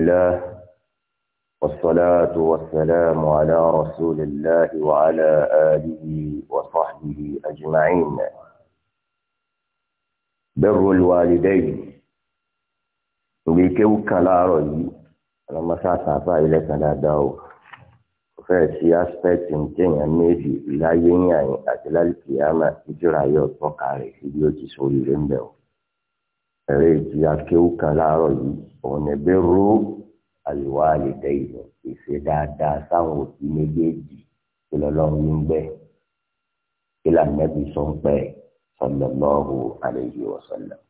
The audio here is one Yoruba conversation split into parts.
الله والصلاة والسلام على رسول الله وعلى آله وصحبه أجمعين بر الوالدين بكو كلاري لما ساسافا إلى كندا fẹ́ sí aspect téèyàn méjì láyé yàn àti lálùkìyàmà ìtura yóò tọ́ka rẹ̀ síbi ó ti sórí rẹ̀ ń bẹ̀ o ti ẹ̀rẹ́ ìtì akéwù kan láàárọ̀ yìí òun ẹ̀bẹ́ ro àlùwà àlèdè ìlú ìṣe dáadáa sáwọn òbí méjèèjì kí lọ́lọ́run ní gbẹ́ kí lànàbí sọ ń pẹ́ sallallahu alayhi wa sallam.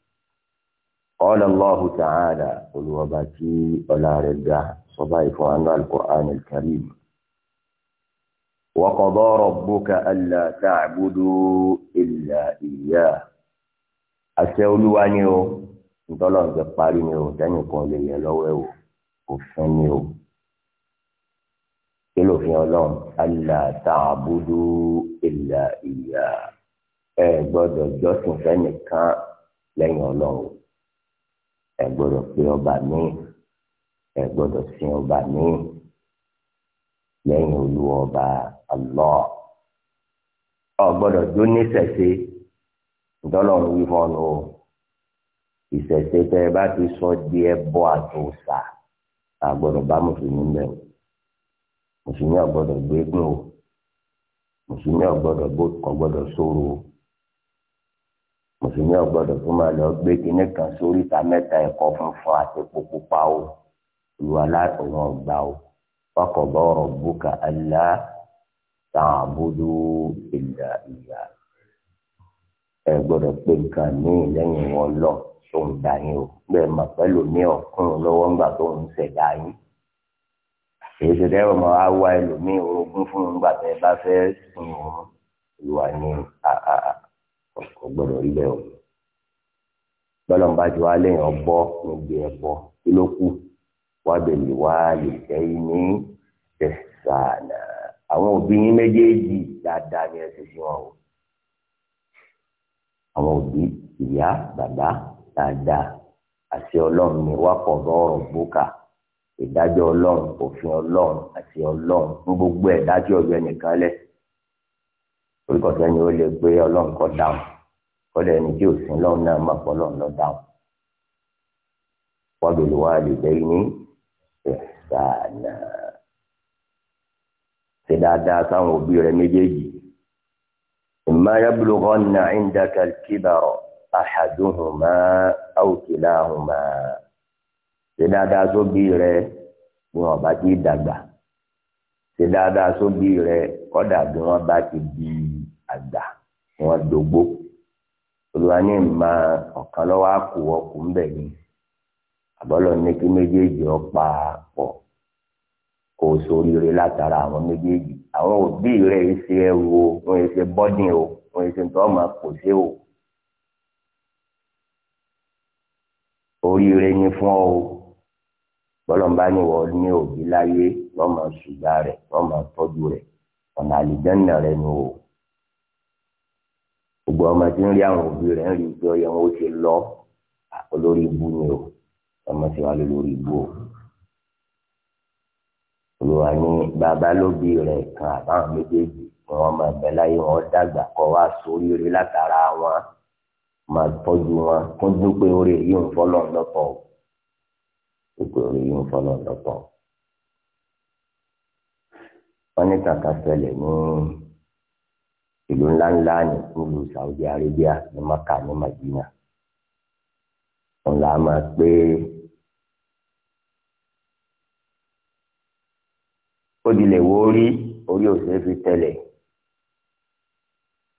qala Allahu ta'ala olùwàbà tí ọlá rẹ̀ ga sọ́bà ìfọ̀ àánú al karim wa qada rabbuka alla ta'budu illa àṣẹ olúwa ni o ntọ́lọ̀ ń jẹ parí ni o dẹ́nìkan lè yẹ lọ́wọ́ ẹ̀ o òfin ni o kí ló fi hàn lọ́hùn alá tààbùdù ìlà ìyá ẹ gbọ́dọ̀ jọ́sìn fẹ́nìkan lẹ́yìn ọlọ́run ẹ gbọ́dọ̀ pe ọba mi ẹ gbọ́dọ̀ sin ọba mi lẹ́yìn olúwa ọba Allah ọ gbọ́dọ̀ jó nífẹ̀ẹ́ sí ntọ́lọ̀ ń wí fọ́nù o ìṣẹ̀ṣe tẹ́ ẹ bá ti sọ di ẹbọ àtòsà àgbọ̀dọ̀ bá mùsùlùmí mẹ́ o mùsùlùmí àgbọ̀dọ̀ gbégbó o mùsùlùmí àgbọ̀dọ̀ ọgbọ̀dọ̀ sóró o mùsùlùmí àgbọ̀dọ̀ tó máa lọ gbé kinní kan sórí ìta mẹ́ta ẹ̀kọ́ funfun àti pupa o ìwà látọ̀wọ́n ọgbà o wákọ̀ọ́bọ̀ ọ̀rọ̀ bùkà alá tààbùdù ìlà ìyá ẹ gbọ́dọ̀ pé nǹkan míì lẹ́yìn wọn lọ́ọ̀ sọ̀n gbà yín o bẹ́ẹ̀ mọ̀ pẹ́lú mi ọ̀kún lọ́wọ́ ńgbà tó ń ṣẹ̀dá yín èsì dẹ́rọ̀ mọ́ á wá ẹlòmíì orogún fún un gbà tẹ́ bá fẹ́ sùn òun ìwà ni ọ̀kọ̀ gbọ́dọ̀ rí bẹ́ẹ̀ o bọ́lá ń bá ju alẹ́ yẹn bọ́ níbi ẹ̀bọ kí ló kù wábẹ̀lì wá lè tẹ́yìn ní tẹ̀sánà àwọn òbí yín méjèèjì dáadáa ni ẹ sí wọn o àwọn òbí ìyá bàbá dáadáa àti ọlọ́run ní wákọ̀ọ̀rọ̀ ọ̀rọ̀ bókà ìdájọ́ ọlọ́run òfin ọlọ́run àti ọlọ́run ní gbogbo ẹ̀ dájọ́ ọ̀yọ́ nìkan lẹ̀ orúkọ sẹ́ni ó lè gbé ọlọ́run kọ́ dáhùn kọ́lẹ̀ ẹni tí ò sin lọ́run náà má pọ̀ ọlọ́run lọ dáhùn. wọ́n lè wá lè bẹ́ẹ̀ ní ìsànà ṣe dáadáa sáwọn òbí rẹ méjèèjì. imma yablughanna indaka al-kibara. ahaduhuma aw kilahuma ṣe dáadáa sóbí rẹ bí wọn bá ti dàgbà ṣe dáadáa sóbí rẹ kódà bí wọn bá ti di àgbà wọn dògbó olùwà ma ìmọ ọ̀kan lọ́wọ́ ni àbọlọ ọ pa pọ kò sóríire látara àwọn méjèèjì àwọn òbí rẹ ṣe o wọn ṣe bọdìn o wọn ṣe tọ́ ọmọ kò oríire ni fún ọ o bọ́lọ̀mbá ni wọ́n ní òbí láyé wọ́n máa ṣùgbà rẹ̀ wọ́n máa tọ́jú rẹ̀ ọ̀nà àlìjẹ́nà rẹ̀ ni o gbogbo ọmọ tí ń rí àwọn òbí rẹ̀ ń rí pé ọyẹ wọn ó ti lọ olórí ibu ni o ọmọ tí wà lórí ibu o olùwà ní bàbá lóbi rẹ̀ kan àbáwọn méjèèjì ni wọ́n máa bẹ láyé wọn dàgbà kọ́ wá sóríire látara wọn máa tọ́jú wọn kó dúpẹ́ orí yìí ń fọ́lọ́ lọ́pọ̀ o dúpẹ́ orí yìí ń fọ́lọ́ lọ́pọ̀ o. wọ́n ní kàkà ṣẹlẹ̀ ní ìlú ńláńlá ní ìlú Saudi Arabia ní Maka ní Madina òun máa pé ó di lè orí òṣèré fi tẹ̀lẹ̀.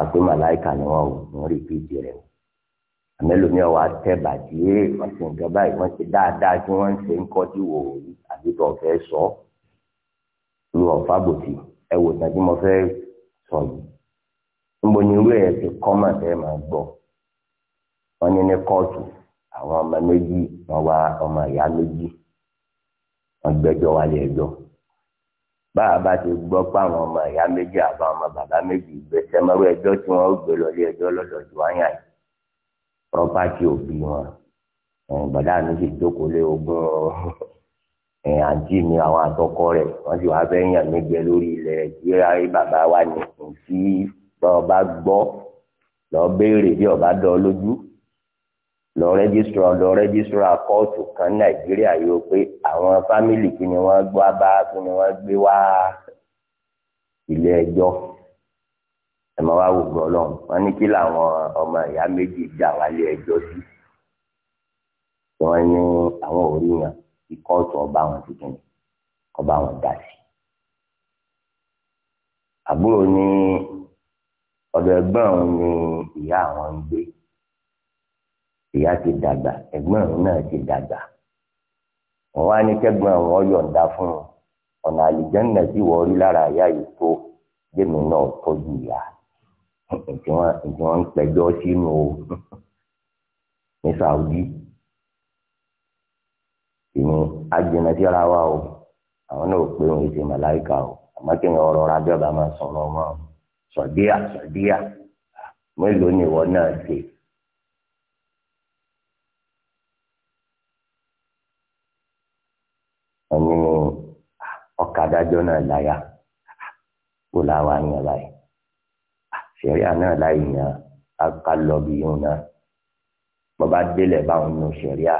àgbé màláìka ni wọn ò wọn rí fídíò rẹ o àmẹlòmí ọwọ àtẹbàtì ẹ wọn sì ń gaba yìí wọn ṣe dáadáa tí wọn ń ṣe ń kọjú wò ó àbí tó ọfẹ sọ lu ọfà bòtì ẹ wò ni irú ẹ ti kọ́ mà fẹ́ máa gbọ́ wọn ní ní kóòtù àwọn ọmọ méjì wọn wá ọmọ báwa bá ti gbọ́ pé àwọn ọmọ ìyá méjì àbá ọmọ bàbá méjì gbèsè mọ́rú ẹjọ́ tí wọ́n gbé lọ ilé ẹjọ́ lọ́dọ̀ tí wọ́n yàn yìí pọ́pátì òbí wọn bàdá mi sì jókòó lé ogún àǹtí mi àwọn àtọkọ rẹ̀ wọ́n sì wáá fẹ́ yàn mí jẹ lórí ilẹ̀ tí ayé bàbá wa nìkan sí bọ́ọ̀ gbọ́ lọ́ọ́ béèrè bí ọ̀bá dán lójú lọ rẹ́gísítọ̀ lọ rẹ́gísítọ̀ kóòtù kan nàìjíríà yóò pé àwọn fámìlì kí ni wọ́n gbọ́ bá kí ni wọ́n gbé wá ilé ẹjọ́ ẹ máa wá wò gbọ́ lọ́hùn wọ́n ní kí làwọn ọmọ ìyá méjì jà wálé ẹjọ́ sí wọ́n ní àwọn òríyàn kí kóòtù ọba wọn ti kìnnì ọba wọn dà sí àbúrò ní ọ̀dọ̀ ẹ̀gbọ́n òun ni ìyá àwọn ń gbé ìyá ti dàgbà ẹ̀gbọ́n òun náà ti dàgbà òun á ní kẹ́gbọ́n òun ọ̀yọ̀ǹda fún un ọ̀nà àlìjẹ́nà tí wọ́n rí lára ìyá yìí tó jẹ́mi náà tọ́jú ìyá tí wọ́n ń pẹjọ́ sínú o ní Saudi ìní ajìnà tí ara wa o àwọn náà pé òun ṣe màláìka o àmọ́ kí wọ́n rọra bí ọba máa sọ̀rọ̀ wọn sọ̀díà sọ̀díà mélòó ni ìwọ náà ṣe. wọ́n ní ọ̀kadàjọ́ náà láyà kó láwa yàn láyè sẹ̀ríà náà láyè yàn ká lọ bí yóò náà bọ́ba délẹ̀ báwọn nù sẹ̀ríà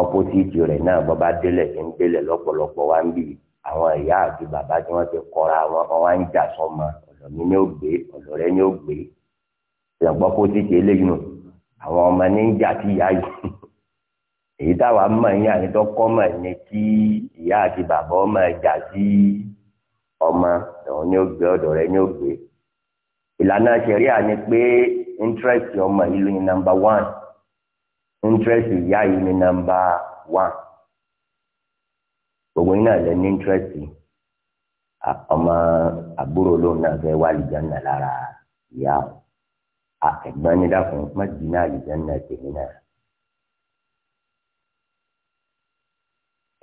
ọpọ́sìtì rẹ̀ náà bọ́ba délẹ̀ ń délẹ̀ lọ́pọ̀lọpọ̀ wá ń bì àwọn ìyá àti bàbá tí wọ́n ti kọ́ra wọn wá ń jà sọ́mọ ọ̀dọ̀ mi ni ó gbé ọ̀dọ̀ rẹ ni ó gbé ìyàgbọ́ pọ́sìtì eléyìí nù àwọn ọmọ ní ń jà sí ìyá yìí èyí táwa mọ̀ ní àyẹ̀dọ́kọ́ mọ̀ ní kí ìyá àti bàbá ọmọ ẹja sí ọmọ òun ni ó ọ̀dọ̀ rẹ̀ ni ó ìlànà ṣẹ̀ríà ni pé interest ọmọ yìí ni number one interest ìyá yìí ni number one gbogbo yín náà lẹ ní interest ọmọ àbúrò lòun náà fẹ́ wá àlìjánnà lára ìyá ẹ̀gbọ́n ní dákun má jìnnà àlìjánnà tèmi náà.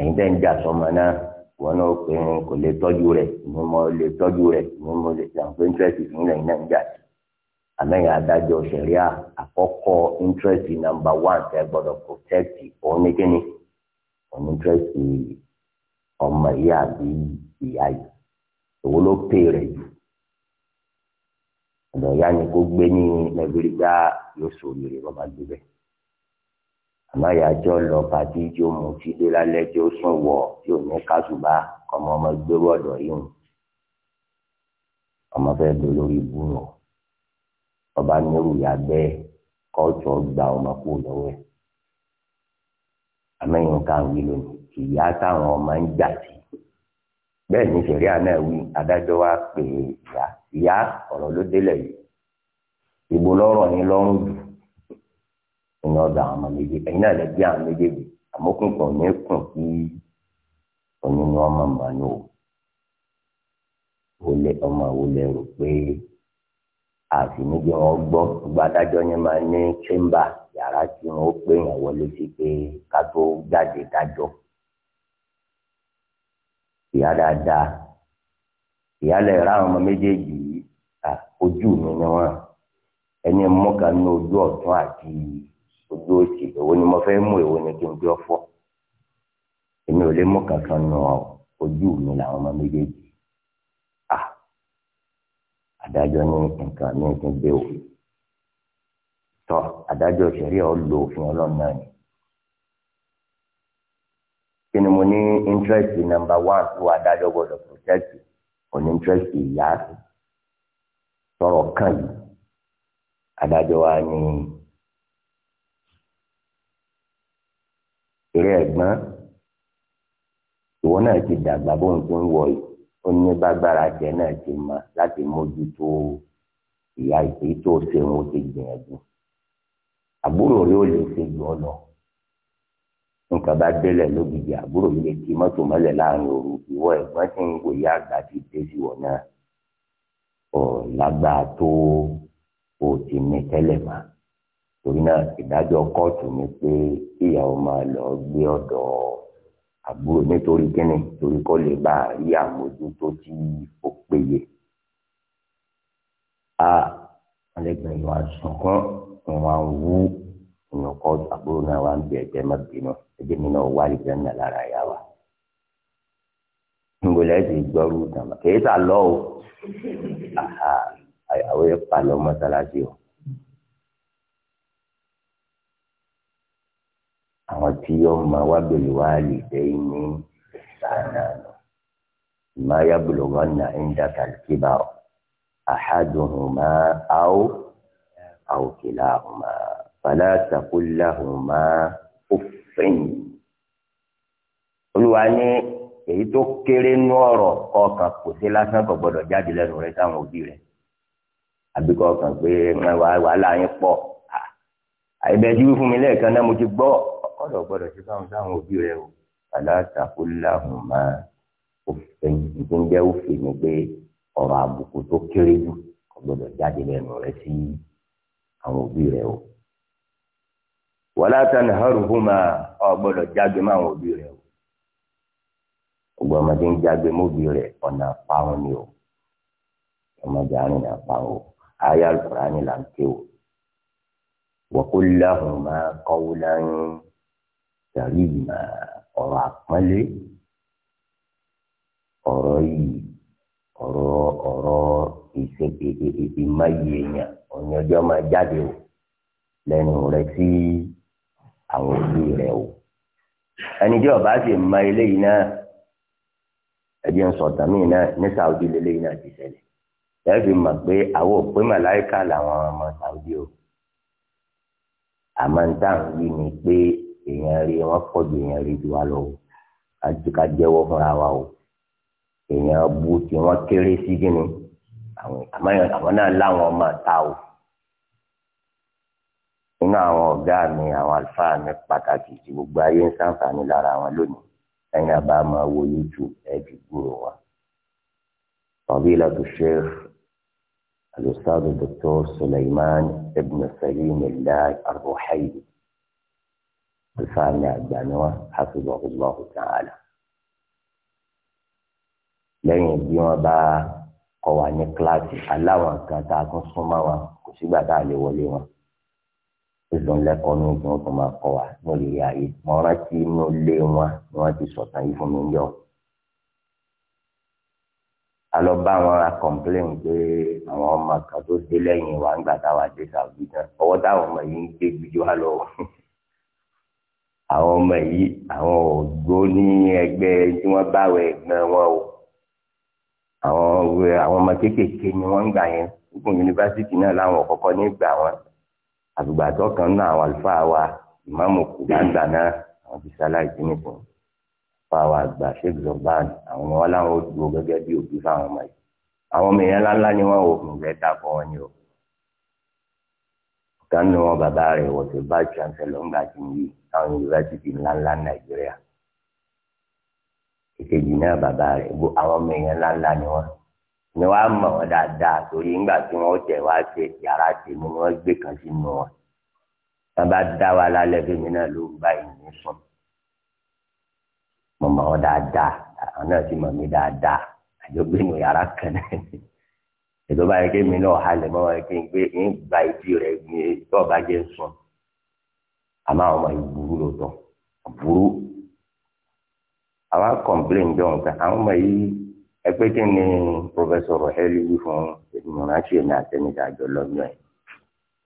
ẹ̀yin tẹ́ ń jà sọmọ náà wọn náà pé kò lè tọ́jú rẹ̀ ní mo lè tọ́jú rẹ̀ ní mo lè tàn pé íńtírẹ́sì fún ilẹ̀ iná ń jà sí àmẹ́yìn adájọ́ sẹ̀ríà àkọ́kọ́ íńtírẹ́sì nàmbà wán tẹ́ gbọ́dọ̀ protẹ́tì òun ní kíni òun íńtírẹ́sì ọmọ ìyá àbí ìyá yìí òwò ló pè rẹ̀ jù ọ̀dọ̀ ìyá ni kó gbé ní lẹ́gbẹ̀rẹ́gbà yóò sọ òyìnbó bàbá gbé àmọ́ ìyájọ́ lọ bàbí tí ó mú tí dé lálẹ́ tí ó sùn wọ̀ tí ò ní kásùbá ọmọ ọmọ gbé wọ̀dọ̀ yìí ọmọ fẹ́ dé lórí ibú nù ọba nírú ìyá bẹ́ẹ̀ kọ́ọ̀tù ọgbà ọmọ kú lọ́wọ́ ẹ̀ amẹ́yìn kan wí lónìí ìyá táwọn ọmọ ń jà sí bẹ́ẹ̀ ni sẹ̀ríà náà wí adájọ́ wa pè é ìyá ìyá ọ̀rọ̀ ló délẹ̀ yìí ìbò lọ́rọ̀ yín lọ́rùn jù ní ọ̀dọ̀ àwọn ọmọ méjèèjì ẹ̀yin náà lè bí àwọn méjèèjì àmókùnkùn ní kùn kí onínú ọmọ màánù o lè ọmọ wo lè rò pé àfi níbi wọn gbọ́ gbàdájọ́ ni máa ní chamber yàrá tí wọn pè yàn wọlé sí pé ká tó jáde dájọ́ ìyá dáadáa ìyá lè ra àwọn ọmọ méjèèjì ojú òsì èwo ni mo fẹ́ mú èwo ni kí n bí ọfọ èmi ò lè mú kankan nù ọ ojú mi làwọn ọmọ méjèèjì à adájọ́ ní nǹkan mi ti gbé o tọ adájọ́ ìṣẹ̀rí ọ lo òfin Ọlọ́run náà ni kí ni mo ní interest number one tó adájọ́ gbọ́dọ̀ protect òní interest ìyá sọ̀rọ̀ kan yìí adájọ́ wa ní. eré ẹ̀gbọ́n ìwọ náà ti dàgbà bóun ti ń wọ yìí ó ní bágbára jẹ náà ti mọ láti mójútó ìyá èyí tó ṣeun ó ti gbìyànjú àbúrò rẹ ó lè ṣe jù ọ lọ nǹkan bá délẹ̀ lógìjì àbúrò yìí lè ti mọ́tò mọ́lẹ̀ láàrin òru ìwọ ẹ̀gbọ́n tí ń wòye àgbà ti dé sí wọ̀ náà ọ̀ lágbàá tó o ti ní tẹ́lẹ̀ máa torí náà ìdájọ́ kóòtù ni pé ìyàwó máa lọ gbé ọ̀dọ̀ àbúrò nítorí kíni torí kó lè bá a rí àmójútó tí ó péye. a alẹ́gbẹ̀ẹ́ ìwà sunkún ìwà wú ìyàn kóòtù àbúrò náà wà ń bẹ̀ ẹ̀jẹ̀ má bínú ẹ̀jẹ̀ mi náà wá ìjẹ́ náà lára ìyá wa. ngbọ̀lẹ́ ti gbọ́rú tàmà kì í sà lọ́ o àwọn ẹ̀pà lọ mọ́sálásí o. àwọn tí yóò máa wá bèlè wá lè dé ní ìsànà nù ìmáyà bùlọ̀gọ́nà ẹ̀ńdà kàlùkìbà àhádùnhùnmá áó àwòkìlà àhùnmá fàlàtàkùlà àhùnmá òfin. olúwa ní èyí tó kéré nú ọ̀rọ̀ kọ̀ọ̀kan kò sí lásán kò gbọdọ̀ jáde lẹ́nu rẹ̀ sáwọn òbí rẹ̀ àbíkọ̀ kan pé wàhálà yín pọ̀ àìbẹ̀jú fún mi lẹ́ẹ̀kan náà mo ti gbọ́ ọ̀dọ̀ gbọ́dọ̀ ṣe fáwọn sáwọn òbí rẹ o aláṣàkóláhùn máa òfin tó ń jẹ́ òfin ni pé ọ̀rọ̀ àbùkù tó kéré jù kò gbọ́dọ̀ jáde lẹ́nu rẹ sí àwọn òbí rẹ o wàlá tanharuhuma ọ gbọ́dọ̀ jágbe mọ́ àwọn òbí rẹ o gbogbo ọmọdé ń jágbe mọ́bí rẹ ọ̀nà àpáwọn ni o ọmọdé àárín àpáwọn ayé alukóra ni là ń ké o. وقل لهما قولا كريما ọ̀rọ̀ àpọ́nlé ọ̀rọ̀ yìí ọ̀rọ̀ ọ̀rọ̀ ìmáyé èèyàn ọ̀yìn ọjọ́ máa jáde o lẹ́nu rẹ sí àwọn òbí rẹ o ẹni tí ọba sì ma eléyìí náà ẹbí ń sọ̀tàn míì náà ní Saudi lélẹ́yìí náà ti ṣẹlẹ̀ ẹ fi mọ̀ pé àwọn òpin màláìka làwọn ọmọ Saudi o àmọ́ ń tà ń wí ni pé èèyàn rí wọ́n pọ̀ ju èèyàn rí ju wa lọ o àti ká jẹ́wọ́ fúnra wa o èèyàn bu tí wọ́n kéré sí gíní àwọn náà láwọn ọmọ ta o nínú àwọn ọ̀gá mi àwọn àlùfáà mi pàtàkì tí gbogbo ayé ń ṣàǹfààní lára wọn lónìí ẹ̀yin àbá máa wo YouTube ẹ̀ fi gbúrò wa. Fadilatu Sheikh الأستاذ الدكتور سليمان ابن سليم الله الرحيلي الفاعل الدانوة حفظه الله تعالى lẹ́yìn bí wọ́n bá kọ́ wa ní kíláàsì aláwọn kan tá a tún súnmọ́ wọn kò sígbà tá a lè wọlé wọn ìdùn lẹ́kọ̀ọ́ ní ìdùn tó máa kọ́ wa ní ayé mo rántí inú ilé wọn ni wọ́n ti sọ̀tàn yìí fún mi yọ alọ bá wọn a kọ̀m̀pléǹ pé àwọn ọmọ kan tó dé lẹ́yìn wa ń gbà táwa dé sàbí náà ọwọ́ táwọn ọmọ yìí ń gbé gbìjọ wa lọ. àwọn ọmọ yìí àwọn ògbó ní ẹgbẹ́ tí wọ́n báwọ̀ ẹ̀gbọ́n wọn o. àwọn àwọn ọmọ kéékèèké ni wọ́n ń gbà yẹn gúgùn yunifásitì náà láwọn kọ́kọ́ ní gbà wọn. àgbègbè àtọ́kàn náà àwọn àlùfáà wa ìmáàmù kùgbàgbà náà àwọn ti sáláì sí nìkan fáwọn àgbà sheikh zoban àwọn wọn làwọn ò dúró gẹ́gẹ́ bí òbí fáwọn ọmọ yìí àwọn ọmọ yẹn ńláńlá ni wọn ò fún fẹ́ dàpọ wọn ni o kánú wọn bàbá rẹ wọtí bá chancellor ńgbà tí ń yí àwọn yunifásitì ńláńlá nàìjíríà ìkejì náà bàbá rẹ àwọn ọmọ yẹn ńláńlá ni wọn ni wàá mọ̀ wọn dáadáa torí ńgbà tí wọn tẹ wá ṣe yàrá tèmi ni wọn gbé kan sínú wọn wọn bá dá wa lálẹ́ fún mi náà ló ń mo mọ̀ ọ́ dáadáa àwọn náà sì mọ̀ mí dáadáa àjọgbé nu yàrá kan náà ìjọba yẹ kí mi náà halẹ̀ mọ́ wọn kí n gbé ń gba ìdí rẹ̀ ní tọ́ọ̀bá jẹ́ ń sùn àmọ́ àwọn ọmọ yìí burú lọ́tọ̀ burú àwọn kọ̀m̀pléǹ jọ̀ nǹkan àwọn ọmọ yìí ẹgbẹ́ kí ni pọfẹsọ rọ̀hẹ́lì wí fún ìmọ̀ránṣẹ́ èmi àtẹnudà àjọ lọ́gbọ̀n ẹ̀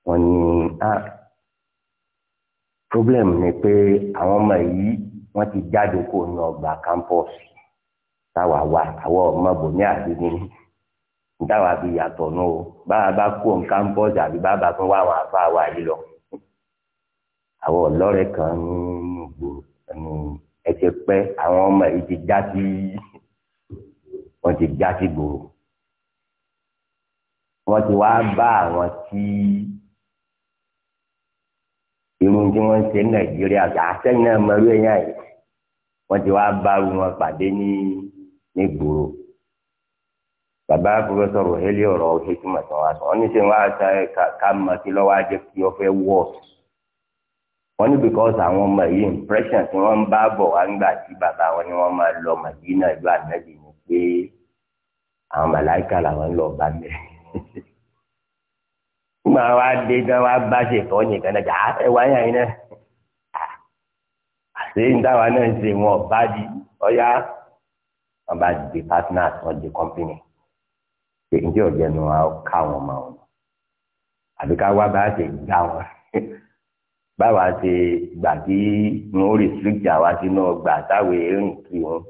wọ́n ní ah, problem ni pé àwọn ọmọ yìí wọ́n ti jáde kó ní ọgbà kámpọ́ọ̀sì táwa wa àwọn ọmọ bòmí àdínní táwa bí yàtọ̀ nù o báwa bá kó ní kámpọ́ọ̀sì àbí bàbá fún wa àwọn àfa wa yìí lọ. àwọn ọlọ́rẹ̀ kan nínú gbòòrò ẹsẹ̀ pẹ́ àwọn ọmọ yìí ti já sí wọ́n ti já sí gbòòrò wọ́n ti wá bá àwọn tí. irun tí wọ́n ń ṣe ní nàìjíríà àtẹ́yìn náà mọ irú ẹ̀yà yìí wọ́n ti wá báru wọn pàdé ní ní gbòòrò bàbá pọfẹsọ rọhẹlì ọ̀rọ̀ hekima tí wọ́n sọ wọ́n ní sẹ́yìn wá ká mọ kí lọ́wọ́ ajẹ́ kí wọ́n fẹ́ wọ̀ wọ́n ní àwọn ọmọ yìí impression tí wọ́n bá bọ̀ wá ńgbà tí bàbá wọn ni wọ́n máa lọ màdínà ìlú ànábì ni pé àwọn màláìka làwọn ń lọ bá mẹ́rin ńgbà wa dé gan wa bá ṣe kọ́ nìkan náà jà ẹ wá yàn yín náà àṣé ń dáwà náà ń ṣe wọn ọba di ọyá ọba di partners wọn di company ṣe ǹjẹ́ ọ̀jẹ̀ ní wa ká wọn mọ wọn àbí ká wá bá ṣe gbà wọn báwa ṣe gbà kí ó restrict àwa sínú ọgbà táwọn wọn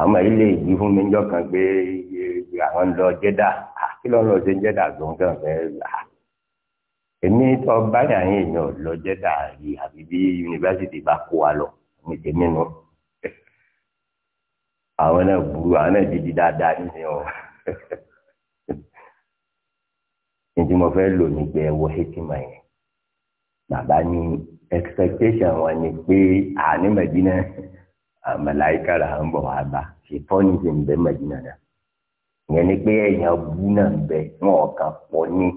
àwọn ilé jọ kan àwọn ń lọ kí lọ́rọ̀ ṣe ń jẹ́dà tó ń kàn fẹ́ là èmi tó báyà yín èèyàn lọ jẹ́dà yìí àbí bí yunifásitì bá kó wa lọ ní tèmi nù àwọn náà burú àwọn náà dídí dáadáa nínú ọ nítorí mo fẹ́ lò ní pé ẹwọ hekima yẹn bàbá ní expectation wọn ni pé àní mẹdínà àmàlàyíkà là ń bọ̀ wá bá ṣètọ́ ní ti ń bẹ mẹdínà náà ìyẹn ni pé èèyàn bú náà ń bẹ wọn kàn pọ̀ ní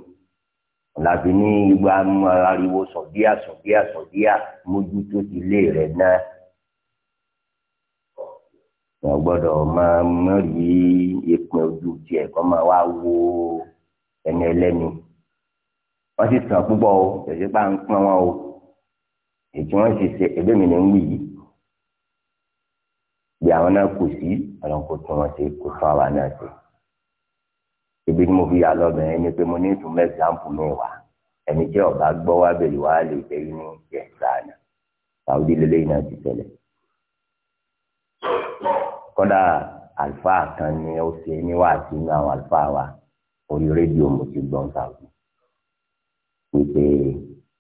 làbí ní ìgbà ariwo sọ̀díà sọ̀díà sọ̀díà mójútó ti lé rẹ̀ náà wọn gbọ́dọ̀ máa mọrí ìpín ojú tiẹ̀ kọ máa wá wo ẹni ẹlẹ́ni wọn sì tàn púpọ̀ o tẹsí pa ń pọn wọn o ètò wọn sì ṣe ẹgbẹ́ mi ní ń wí yìí bí àwọn náà kù sí àwọn kò tún wọn ṣe kò fún àwa náà ṣe ibi tí mo fi yà lọ́bìnrin ni pé mo ní ìtumọ̀ ẹ̀sìlámpù mi wá ẹni tí ọba gbọ́ wá bẹ̀rẹ̀ wá lè jẹ́ inú ẹ̀ sáànà sàwùdí lélẹ́yìn náà ti tẹ̀lẹ̀. kọ́dà àlùfáà kan ni ó ṣe níwá àti inú àwọn àlùfáà wa orí rédíò mo ti gbọ́n sàwùdí wípé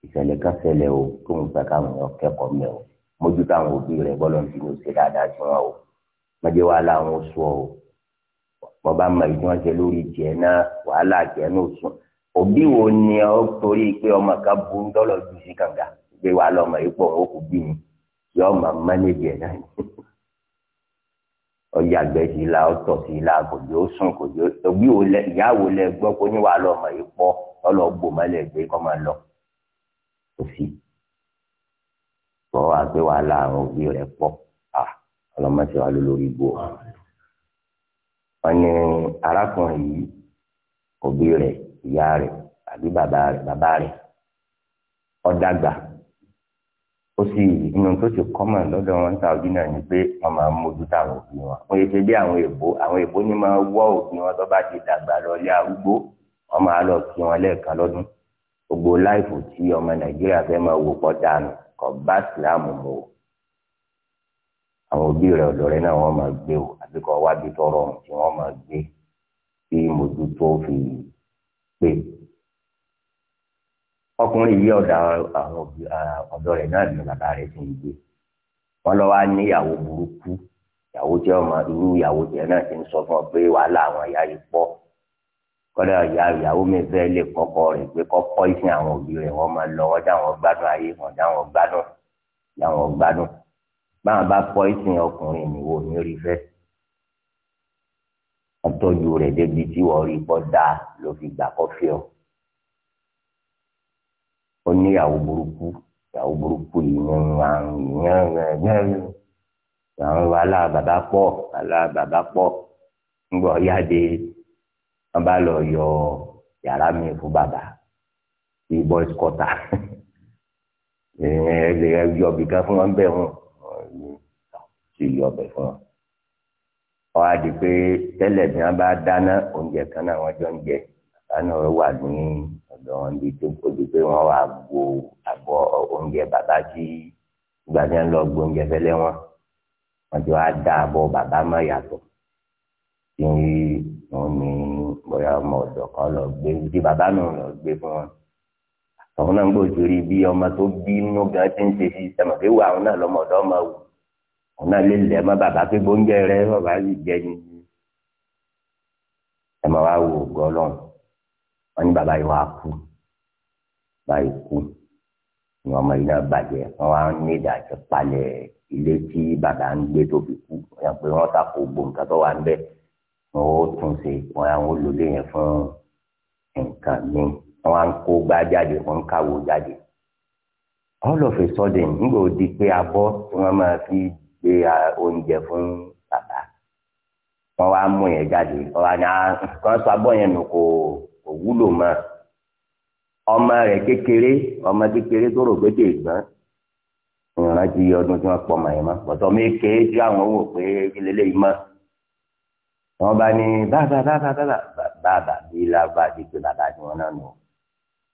ìṣẹ̀lẹ̀ kan ṣẹlẹ̀ o tó ń fẹ́ káwọn èèyàn kẹ́kọ̀ọ́ mẹ́ o mójútó àwọn òbí rẹ̀ bọ́lọ́ bọ́ba mọ ìdí wọn ṣe lórí jẹ náà wàhálà jẹ náà sùn òbí wo ni ọ torí pé ọmọ kan burú dọ́lọ̀ ju sí kànga pé wàá lọ́mọ yìí pọ̀ ó kù bí mi yọ ọmọ mánéjì ẹ̀ náà ni ọjà àgbẹ̀ sí la ọtọ̀ sí la kò jẹ́ ó sùn kò jẹ́ òbí wo lẹ ìyá wo lẹ gbọ́ pé ní wàá lọ́mọ yìí pọ̀ ọlọ́ bò mọ́lẹ̀ gbé kọ́ máa lọ kò sí bọ́ àgbẹ̀ wàhálà àwọn òbí rẹ̀ pọ̀ ọlọ́mọ sí wa lórí igbó wọn ní arákùnrin yìí òbí rẹ̀ ìyá rẹ̀ àbí bàbá rẹ̀ bàbá rẹ̀ ọ̀dàgbà ó sì inú tó ti kọ́mọ̀ lọ́dọ̀ wọn ta òbí náà ni pé wọ́n máa ń mójútó àwọn òbí wọn wọ́n yẹ ṣe bí àwọn èbó àwọn èbó ni máa wọ́ òbí wọn tó bá ti dàgbà lọ́lé arúgbó wọ́n máa lọ kí wọn lẹ́ẹ̀kan lọ́dún gbogbo láìfò tí ọmọ nàìjíríà fẹ́ máa wò pọ̀ dànù kọ̀ bá sílámù mu o àwọn òbí rẹ̀ ọ̀dọ̀ rẹ̀ náà wọ́n máa gbé o àbí kọ́ wá bí tọrọ ọ̀hún tí wọ́n máa gbé tí mójútó fi pé ọkùnrin yìí ọ̀dọ̀ àwọn ọ̀dọ̀ náà ni bàbá rẹ̀ ti ń gbé wọ́n lọ wá níyàwó burúkú ìyàwó tí ọmọ irú ìyàwó tiẹ̀ náà ti ń sọ fún ọ pé wàhálà àwọn ìyá yìí pọ̀ kọ́dà ìyá ìyàwó mi fẹ́ lè kọ́kọ́ rẹ̀ pé kọ́kọ́ ìsìn àwọn òbí rẹ̀ wọ́n máa lọ wọ́n dáwọn gbádùn ayé wọ́n dáwọn gbádùn dáwọn gbádùn báwọn bá pọ ìsìn ọkùnrin nìwọ ní orí fẹ ọtọjú rẹ débi tí wọn rí pọ dáa ló fi gbà kọfí ọ ó ní ìyàwó burúkú ìyàwó burúkú ìyẹn àwọn aláàbàbà pọ aláàbàbà pọ ńgbọ yáde wọn bá lọ yọ yàrá mi fún bàbá bíi boys quarter ẹ ẹ yọ bìkan fún wọn bẹ wọn ní tí yọ ọbẹ̀ fún ọ. wọ́n á di pé tẹ́lẹ̀ bí wọ́n bá dáná oúnjẹ kan náà wọ́n jọ ń jẹ àná rẹ̀ wà ní ọ̀dọ̀ wọn bíi tó kojú pé wọ́n wà gbo àbọ̀ oúnjẹ bàbá tí ìgbà tí wọ́n lọ gbo oúnjẹ fẹ́lẹ́ wọn wọ́n jọ á dá àbọ̀ bàbá má yàtọ̀ tí wọ́n ní bóyá ọmọ ọ̀dọ̀ kan lọ gbé tí bàbá náà lọ gbé fún wọn àwọn náà ń gbòòjò rí bí ọmọ tó bí inú gan ti ń ṣe sí sẹmọ pé wà àwọn náà lọmọ ọdọ ọmọ wò àwọn náà lè lẹ mọ bàbá pé gbóúnjẹ rẹ bàbá yìí jẹ ni ẹ máa wá wò gọ lọhùn wọn ní bàbá yìí wà á kú bàbá kú ni ọmọ yìí náà bàjẹ́ wọn wá ní ìdájọ́ palẹ̀ ilé tí bàbá ń gbé tó fi kú wọn yàn pé wọn ta kò tó wà ń bẹ wọn ó tún ṣe wọn yà wọn lò lé yẹn fún nǹkan míì. wọn kó jáde wọn ń káwó jáde all of a sudden nígbà ó di pé abọ́ tí wọn máa fi gbé oúnjẹ fún bàbá wọn wá mú yẹn jáde wọn ní kan sọ abọ́ yẹn nù kò wúlò ọmọ rẹ̀ kékeré ọmọ kékeré tó rò pé dè ìrántí ọdún tí yẹn mi ké tí àwọn wò pé yìí wọn bá ní bàbá bàbá bàbá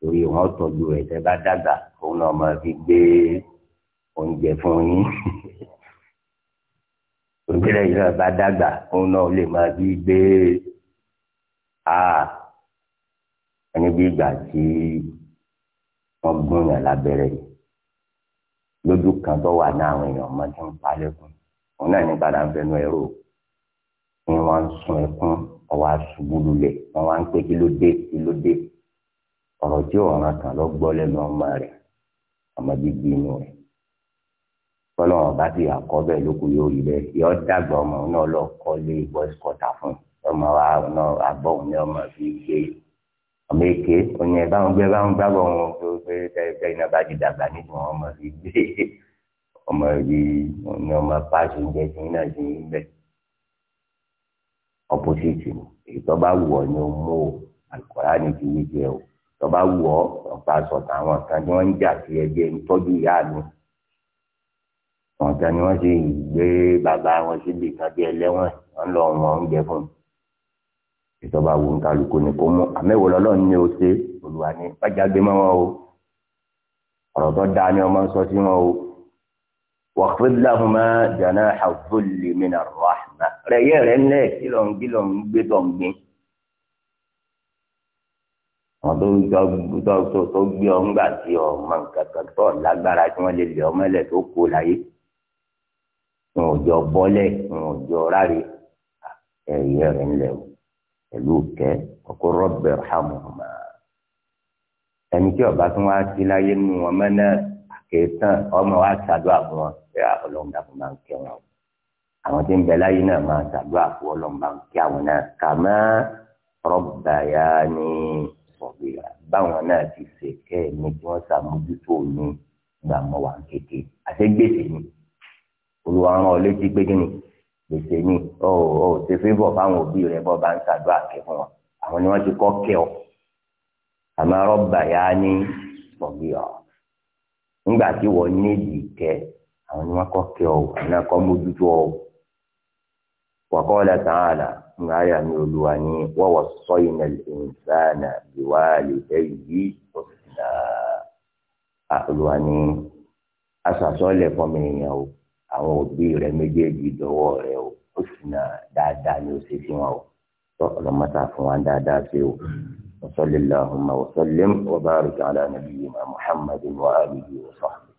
torí wọn tọ́jú rẹ̀ tẹ́ bá dàgbà òun náà máa fi gbé oúnjẹ fún yín òbílẹ̀ yìí náà bá dàgbà òun náà lè máa fi gbé a ẹni bí ìgbà tí wọ́n gún yàn lábẹ́rẹ́ yìí lójú kan tó wà ní àwọn èèyàn máa ti ń palẹ̀kùn òun náà ní padà ń fẹnu ẹ̀rọ ni wọ́n ń sun ẹkún ọwọ́ àṣubú lulẹ̀ wọ́n wá ń pé kí ló dé kí ló dé ọ̀rọ̀ tí ọ̀ràn kan lọ gbọ́ lẹ́nu ọmọ rẹ̀ ọmọ bíbí inú rẹ̀ tọ́lọ́wọ́n bá ti àkọ́ bẹ́ẹ̀ lókù yóò rí bẹ́ẹ̀ yọ dàgbà ọmọ náà lọ kọ́ lé boys quarter fún ọmọ wa náà abọ́ òun ní ọmọ fi gbé ọmọ èké oyin ẹ̀bá wọn gbé bá wọn gbàgbọ́ wọn tó pé tẹ́tẹ́ iná bá ti dàgbà nínú ọmọ fi gbé ọmọ rí ní ọmọ páàsì oúnjẹ tí iná ti ń bẹ̀ opposite ni èyí tó bá wù ọ ní o mú o àlùkò rá ní ti wí jẹ o tọba wù ọ ọba sọtà àwọn kan ni wọn ń jà sí ẹjẹ ń tọ́jú ìyá mi wọn kan ni wọn ṣe gbé bàbá wọn síbi kan bí ẹlẹ́wọ̀n wọn lọ wọn oúnjẹ fún un ìtọba wù ń kálukú ni kò mú àmẹwò lọ́lọ́run ní o ṣe olùwà ni wájà gbé mọ́ wọn o ọ̀rọ̀ tó dáa ni ọmọ ń sọ sí wọn o wàhfid jana hafulli mina rahma rẹ yẹ rẹ ń lẹ kílọ̀ ń kílọ̀ ń gbé tọ̀ ń gbin wọn tó tó tó tó gbé ọ ńgbà tí ọ mọ nǹkan kan tó lágbára tí wọn lè lè ọmọ ẹlẹ tó kó láyé wọn ò jọ bọlẹ wọn ò jọ ráre ẹyẹ rẹ ńlẹ o pẹ̀lú kẹ ọkọ rọbẹ hàmùmá ẹni tí ọba tí wọn á ti láyé nu wọn mẹnẹ àkẹtàn ọmọ wa ṣàdó àbọ wọn ẹ Ọlọ́run dàpọ máa ń kẹ wọn àwọn tí ń bẹ láyé náà máa ṣàdó àbọ Ọlọ́run máa ń kẹ àwọn náà kàmá rọbà yá ni sọ̀gbìrà báwọn náà ti ṣe kẹ́ ẹ̀ ní kí wọ́n ṣàmójútó mi gbà mọ́ wà kéke àti gbèsè ni olùwà rán ọ létí pé kí ni gbèsè ni ọ ọ ṣe fébọ̀ fáwọn òbí rẹ bọ́ bá ń ṣàdúrà kẹ́ fún wọn àwọn ni wọ́n ti kọ́ kẹ́ ọ àmọ́ rọ́bà yá ní sọ̀gbìrà nígbà tí wọ́n ní ìdí kẹ́ àwọn ni wọ́n kọ́ kẹ́ ọ àwọn náà kọ́ mójútó ọ wọ́n kọ́ ọ nínú àyà mi olúwa ní wọ́wọ́ sọ́yìn ìnsánà biwalidayhi husna olúwa ní asàsọ́lẹ̀ fọ́mi èèyàn o àwọn òbí rẹ̀ méjèèjì dọ́wọ́ rẹ̀ o husna dáadáa ni ó ṣe fi wọn o ọlọ́mọta fún wa dáadáa ṣe o وصل اللهم وسلم وبارك على نبينا محمد وآله وصحبه